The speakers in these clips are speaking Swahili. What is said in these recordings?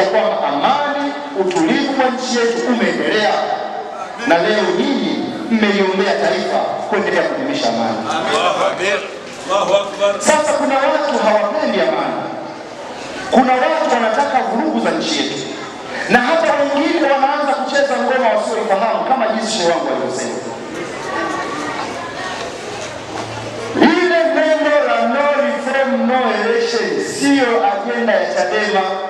ya kwamba amani, utulivu wa nchi yetu umeendelea, na leo nyinyi mmeiombea taifa kuendelea kudumisha amani. Sasa kuna watu hawapendi amani, kuna watu wanataka vurugu za nchi yetu, na hata wengine wanaanza kucheza ngoma wasioifahamu, kama jinsi shehe wangu alivyosema ile neno la no reform no election siyo ajenda ya Chadema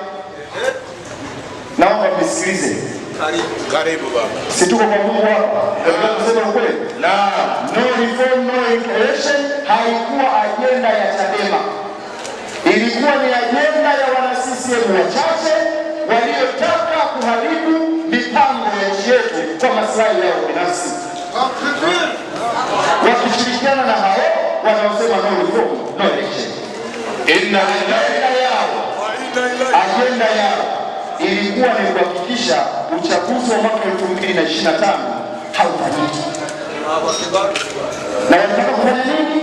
nisikilize. Karibu. Karibu baba. Si tuko kwa Mungu hapa. Ndio tunasema kweli. Naam. No reform no inflation haikuwa ajenda ya Chadema. Ilikuwa ni ajenda ya wana CCM wachache waliotaka kuharibu mipango ya nchi yetu kwa maslahi yao binafsi. Wakishirikiana na hao wanaosema no reform no inflation. Inna lillahi wa inna ilaihi raji'un. Ajenda ya ilikuwa ni kuhakikisha uchaguzi wa mwaka 2025 haufanyiki. Na wanataka kufanya nini?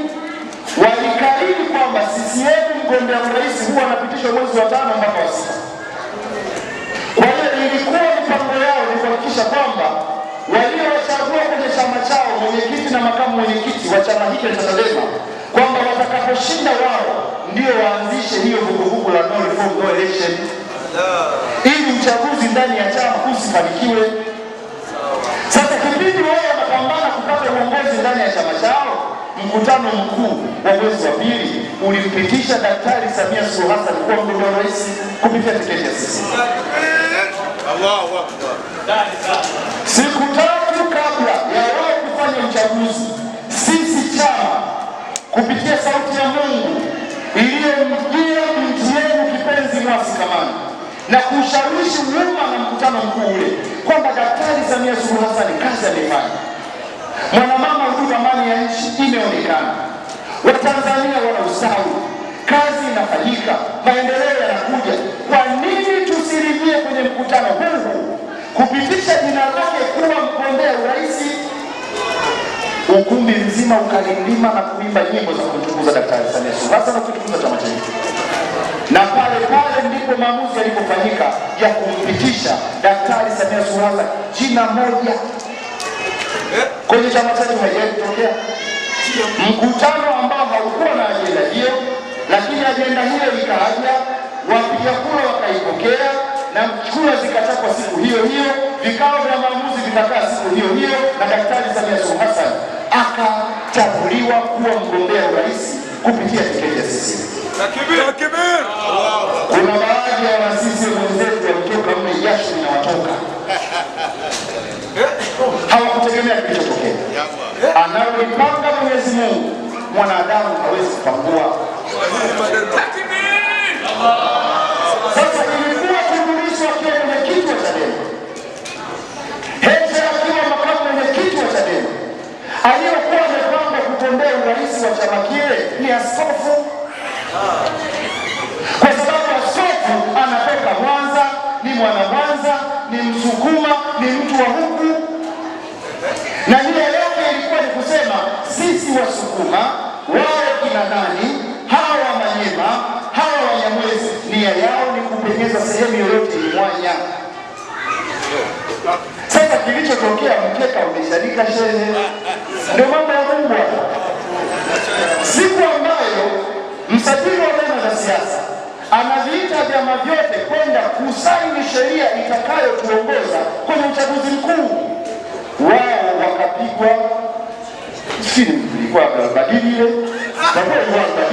Walikariri kwamba CCM mgombea urais huwa anapitishwa mwezi wa tano mpaka wa sita. Kwa hiyo ilikuwa mipango yao ni kuhakikisha kwamba waliowachagua kwenye chama chao mwenyekiti na makamu mwenyekiti wa chama hiki cha Chadema kwamba watakaposhinda wao ndio waanzishe hiyo vuguvugu la no reform no election ili uchaguzi ndani ya chama usifanikiwe. Sasa kipindi wao wanapambana kupata uongozi ndani ya chama chao, mkutano mkuu wa mwezi wa pili ulimpitisha Daktari Samia Suluhu Hassan kuwa mgombea wa rais kupitia tiketi ya sisi. Siku tatu kabla ya wao kufanya uchaguzi, sisi chama kupitia sauti ya Mungu iliyomjia yenu kipenzi Kamani na kushawishi umma na mkutano mkuu ule kwamba Daktari Samia Suluhu Hassan kazi amefanya, mwanamama huyu, amani ya nchi imeonekana, Watanzania wana usawi, kazi inafanyika, maendeleo yanakuja. Kwa nini tusiridhie kwenye mkutano huu kupitisha jina lake kuwa mgombea urais? Ukumbi mzima ukalilima na kuimba nyimbo za kumtukuza Daktari Samia Suluhu Hassan na kutukuza chama chetu na pale pale ndipo maamuzi yalipofanyika ya kumpitisha Daktari Samia Suluhu Hassan jina moja kwenye chama chetu, haijawahi kutokea mkutano ambao haukuwa na ajenda hiyo, lakini ajenda hiyo ikaaja wapiga kura wakaipokea na kura zikatakwa siku hiyo hiyo, vikao vya maamuzi vikakaa siku hiyo hiyo, na Daktari Samia Suluhu Hassan akachaguliwa kuwa mgombea urais kupitia tiketi ya CCM. Kuna baadhi ya wasisi wenzetu walitoka mle jasho linawatoka, hawakutegemea kilichotokea. Analolipanga Mwenyezi Mungu mwanadamu hawezi kupangua. aliyokuwa ilikuwa Tundulisu akiwa mwenyekiti amepanga kugombea urais wa chama kile ni askofu kwa sababu Askofu anatoka Mwanza, ni mwana Mwanza, ni Msukuma, ni mtu wa huku, na nia yake ilikuwa ni kusema sisi Wasukuma, wao kina nani, hawa Manyema, hawa Wanyamwezi, nia yao ni kupenyeza sehemu yoyote Mwanya. Sasa kilichotokea mkeka umeshalika shehe, ndio mambo ya Mungu. vyote kwenda kusaini sheria itakayotuongoza kwenye uchaguzi mkuu. Wao wakapigwa simu, ilikuwa badili ile